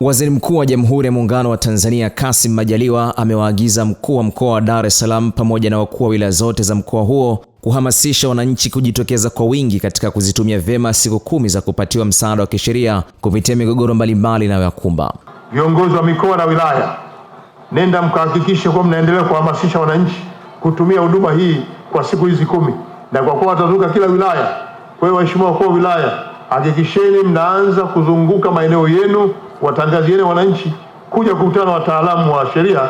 Waziri Mkuu wa Jamhuri ya Muungano wa Tanzania Kassim Majaliwa amewaagiza mkuu wa mkoa wa Dar es Salaam pamoja na wakuu wa wilaya zote za mkoa huo kuhamasisha wananchi kujitokeza kwa wingi katika kuzitumia vyema siku kumi za kupatiwa msaada wa kisheria kupitia migogoro mbalimbali inayoyakumba. Viongozi wa mikoa na wilaya, nenda mkahakikishe kuwa mnaendelea kuhamasisha wananchi kutumia huduma hii kwa siku hizi kumi, na kwa kuwa watazuka kila wilaya, kwa hiyo waheshimiwa wakuu wa wilaya hakikisheni mnaanza kuzunguka maeneo yenu, watangazieni wananchi kuja kukutana na wataalamu wa sheria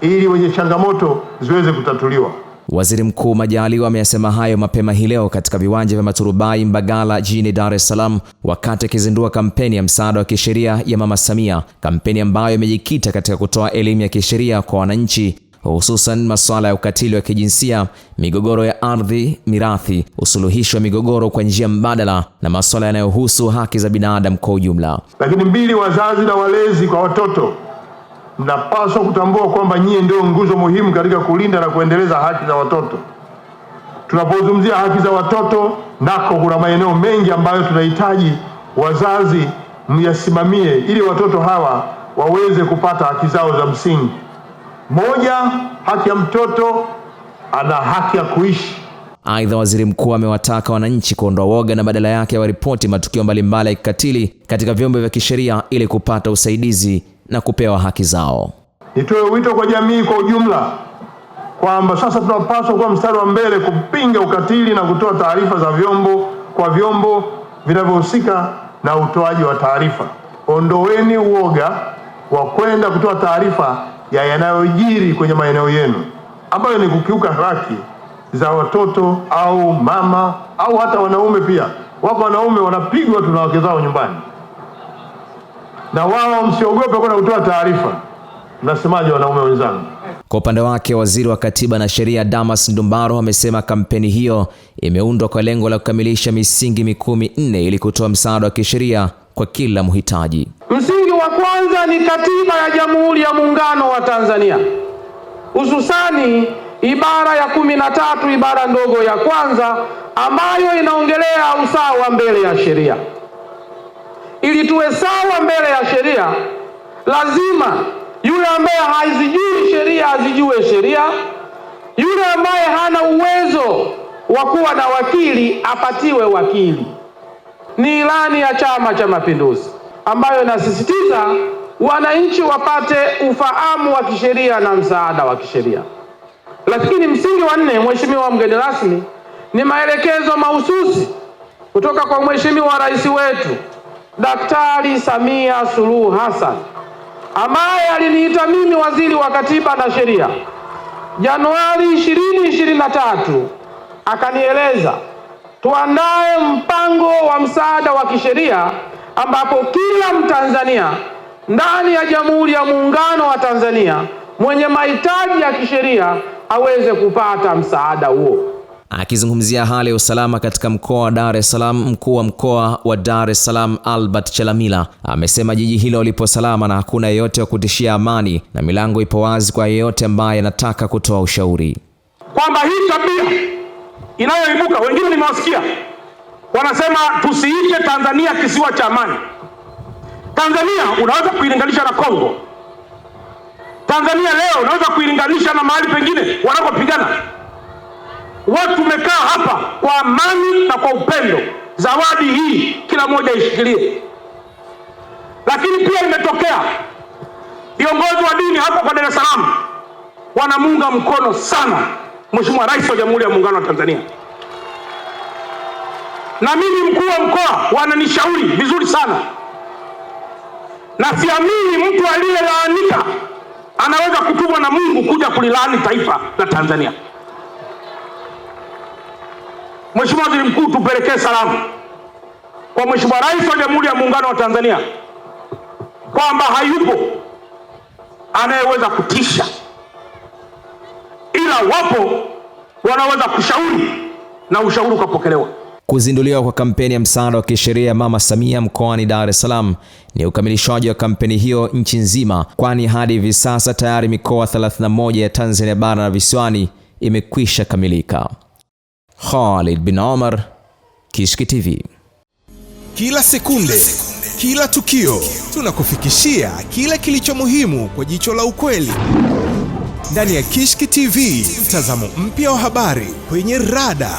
ili wenye changamoto ziweze kutatuliwa. Waziri Mkuu Majaliwa ameyasema hayo mapema hii leo katika viwanja vya Maturubai Mbagala jijini Dar es Salaam wakati akizindua kampeni ya msaada wa kisheria ya Mama Samia, kampeni ambayo imejikita katika kutoa elimu ya kisheria kwa wananchi hususan masuala ya ukatili wa kijinsia, migogoro ya ardhi, mirathi, usuluhishi wa migogoro kwa njia mbadala na masuala yanayohusu haki za binadamu kwa ujumla. Lakini mbili, wazazi na walezi kwa watoto, mnapaswa kutambua kwamba nyie ndio nguzo muhimu katika kulinda na kuendeleza haki za watoto. Tunapozungumzia haki za watoto, nako kuna maeneo mengi ambayo tunahitaji wazazi myasimamie ili watoto hawa waweze kupata haki zao za msingi. Moja, haki ya mtoto, ana haki ya kuishi. Aidha, waziri mkuu amewataka wananchi kuondoa woga na badala yake waripoti matukio mbalimbali ya kikatili katika vyombo vya kisheria ili kupata usaidizi na kupewa haki zao. Nitoe wito kwa jamii kwa ujumla kwamba sasa tunapaswa kuwa mstari wa mbele kupinga ukatili na kutoa taarifa za vyombo kwa vyombo vinavyohusika na utoaji wa taarifa. Ondoweni uoga wa kwenda kutoa taarifa ya yanayojiri kwenye maeneo yenu ambayo ni kukiuka haki za watoto au mama au hata wanaume. Pia wako wanaume wanapigwa tu na wake zao nyumbani, na wao msiogope kwenda kutoa taarifa. Nasemaje wanaume wenzangu? Kwa upande wake waziri wa katiba na sheria Damas Ndumbaro amesema kampeni hiyo imeundwa kwa lengo la kukamilisha misingi mikuu minne ili kutoa msaada wa kisheria kwa kila mhitaji. Msingi wa kwanza ni katiba ya ya Muungano wa Tanzania, hususani ibara ya kumi na tatu ibara ndogo ya kwanza ambayo inaongelea usawa mbele ya sheria. Ili tuwe sawa mbele ya sheria, lazima yule ambaye hazijui sheria azijue sheria, yule ambaye hana uwezo wa kuwa na wakili apatiwe wakili. Ni ilani ya Chama cha Mapinduzi ambayo inasisitiza wananchi wapate ufahamu wa kisheria na msaada wa kisheria. Lakini msingi wa nne, Mheshimiwa mgeni rasmi, ni maelekezo mahususi kutoka kwa Mheshimiwa Rais wetu Daktari Samia Suluhu Hassan ambaye aliniita mimi waziri wa katiba na sheria Januari 2023 akanieleza tuandae mpango wa msaada wa kisheria ambapo kila Mtanzania ndani ya Jamhuri ya Muungano wa Tanzania mwenye mahitaji ya kisheria aweze kupata msaada huo. Akizungumzia hali ya usalama katika mkoa wa Dar es Salaam, mkuu wa mkoa wa Dar es Salaam Albert Chalamila amesema jiji hilo lipo salama na hakuna yeyote wa kutishia amani, na milango ipo wazi kwa yeyote ambaye anataka kutoa ushauri, kwamba hii tabia inayoibuka, wengine nimewasikia wanasema tusiite Tanzania kisiwa cha amani. Tanzania unaweza kuilinganisha na Kongo. Tanzania leo unaweza kuilinganisha na mahali pengine wanapopigana. Watu umekaa hapa kwa amani na kwa upendo. Zawadi hii kila mmoja ishikilie. Lakini pia imetokea viongozi wa dini hapa kwa Dar es Salaam wanamuunga mkono sana Mheshimiwa Rais wa Jamhuri ya Muungano wa Tanzania, na mimi mkuu wa mkoa wananishauri vizuri sana na siamini mtu aliyelaanika anaweza kutumwa na Mungu kuja kulilaani taifa la Tanzania. Mheshimiwa Waziri Mkuu, tupelekee salamu kwa Mheshimiwa Rais wa Jamhuri ya Muungano wa Tanzania kwamba hayupo anayeweza kutisha, ila wapo wanaweza kushauri na ushauri ukapokelewa. Kuzinduliwa kwa kampeni ya msaada wa kisheria ya Mama Samia mkoani Dar es Salaam ni ukamilishaji wa kampeni hiyo nchi nzima, kwani hadi hivi sasa tayari mikoa 31 ya Tanzania bara na visiwani imekwisha kamilika. Khalid bin Omar, Kishki TV. Kila sekunde, kila tukio, tunakufikishia kile kilicho muhimu kwa jicho la ukweli ndani ya Kishki TV, mtazamo mpya wa habari kwenye rada.